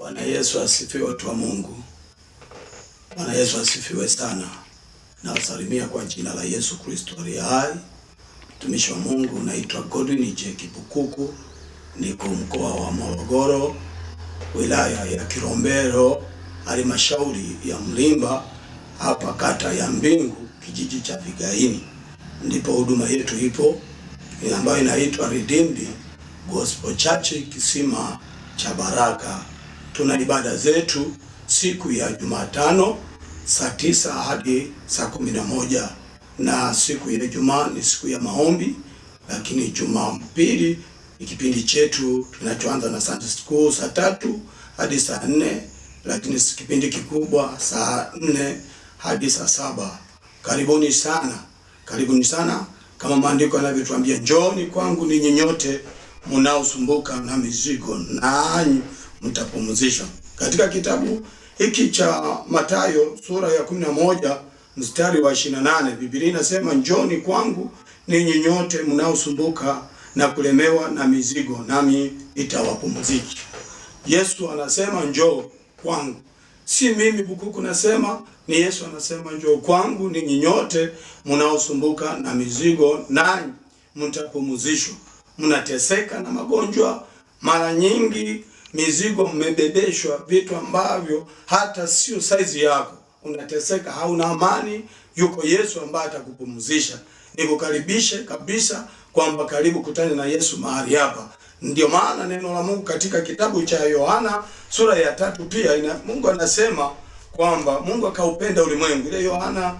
Bwana Yesu asifiwe, watu wa Mungu. Bwana Yesu asifiwe sana. Nawasalimia kwa jina la Yesu Kristo aliye hai. Mtumishi wa Mungu naitwa Godwin J. Kibukuku, niko mkoa wa Morogoro, wilaya ya Kilombero, halmashauri ya Mlimba, hapa kata ya Mbingu, kijiji cha Vigaini, ndipo huduma yetu ipo ambayo inaitwa Redeemed Gospel Church Kisima cha Baraka tuna ibada zetu siku ya Jumatano saa tisa hadi saa kumi na moja na siku ya Ijumaa ni siku ya maombi, lakini Jumapili ni kipindi chetu tunachoanza na Sunday school saa tatu hadi saa nne lakini kipindi kikubwa saa nne hadi saa saba. Karibuni sana, karibuni sana. Kama maandiko yanavyotuambia, njooni kwangu ninyi nyote mnaosumbuka na mizigo nanyi mtapumzishwa. Katika kitabu hiki cha Mathayo sura ya 11 mstari wa 28, Biblia inasema njoni kwangu ninyi nyote mnaosumbuka na kulemewa na mizigo, nami nitawapumziki. Yesu anasema njoo kwangu, si mimi Bukuku nasema, ni Yesu anasema njoo kwangu ninyi nyote mnaosumbuka na mizigo, nanyi mtapumzishwa. Mnateseka na magonjwa mara nyingi mizigo mmebebeshwa vitu ambavyo hata sio saizi yako, unateseka, hauna amani. Yuko Yesu ambaye atakupumzisha. Nikukaribishe kabisa kwamba karibu kutane na Yesu mahali hapa. Ndio maana neno la Mungu katika kitabu cha Yohana sura ya tatu pia ina, Mungu anasema kwamba Mungu akaupenda ulimwengu, ile Yohana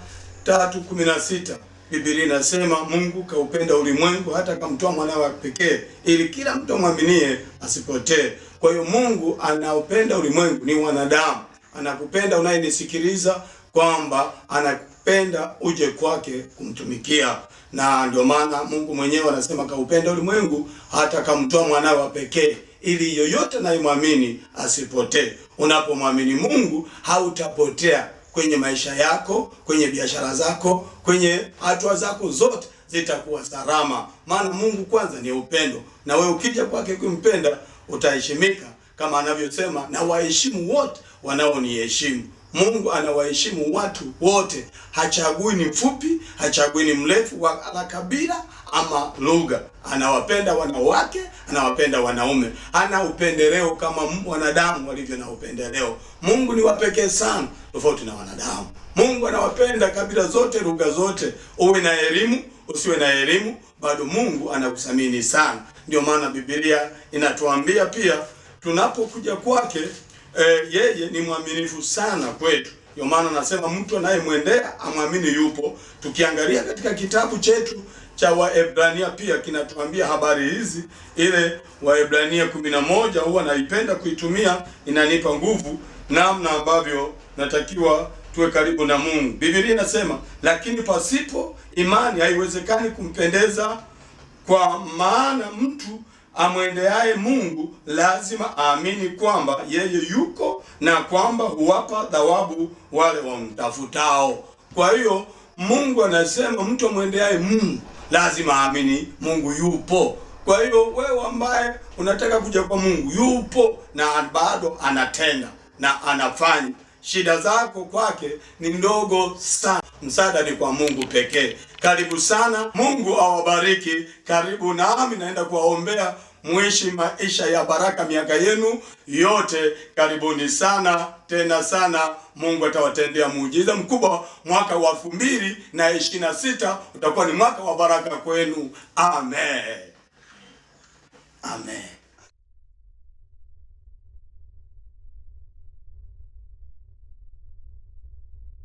3:16 Biblia inasema Mungu kaupenda ulimwengu hata akamtoa mwanawe pekee, ili kila mtu amwaminie asipotee kwa hiyo Mungu anaopenda ulimwengu ni wanadamu, anakupenda unayenisikiliza, kwamba anakupenda uje kwake kumtumikia, na ndio maana Mungu mwenyewe anasema kaupenda ulimwengu hata kamtoa mwanawe wa pekee ili yoyote anayemwamini asipotee. Unapomwamini Mungu hautapotea kwenye maisha yako, kwenye biashara zako, kwenye hatua zako zote zitakuwa salama, maana Mungu kwanza ni upendo, na wewe ukija kwake kumpenda utaheshimika kama anavyosema, na waheshimu wote wanaoniheshimu. Mungu anawaheshimu watu wote, hachagui ni mfupi, hachagui ni mrefu, wala kabila ama lugha. Anawapenda wanawake, anawapenda wanaume, hana upendeleo kama wanadamu walivyo na upendeleo. Mungu ni wa pekee sana, tofauti na wanadamu. Mungu anawapenda kabila zote, lugha zote. Uwe na elimu usiwe na elimu, bado Mungu anakuthamini sana. Ndio maana Biblia inatuambia pia tunapokuja kwake e, yeye ni mwaminifu sana kwetu. Ndio maana nasema mtu anayemwendea amwamini yupo. Tukiangalia katika kitabu chetu cha Waebrania pia kinatuambia habari hizi. Ile Waebrania 11 huwa naipenda kuitumia, inanipa nguvu namna ambavyo natakiwa tuwe karibu na Mungu. Biblia inasema, lakini pasipo imani haiwezekani kumpendeza, kwa maana mtu amwendeaye Mungu lazima aamini kwamba yeye yuko na kwamba huwapa thawabu wale wamtafutao. Kwa hiyo Mungu anasema mtu amwendeaye Mungu lazima aamini Mungu yupo. Kwa hiyo wewe ambaye unataka kuja kwa Mungu, yupo na bado anatenda na anafanya shida zako kwake ni ndogo sana. Msaada ni kwa Mungu pekee. Karibu sana, Mungu awabariki. Karibu nami, naenda kuwaombea mwishi maisha ya baraka miaka yenu yote. Karibuni sana tena sana. Mungu atawatendea muujiza mkubwa. Mwaka wa elfu mbili na ishirini na sita utakuwa ni mwaka wa baraka kwenu. Amen, amen.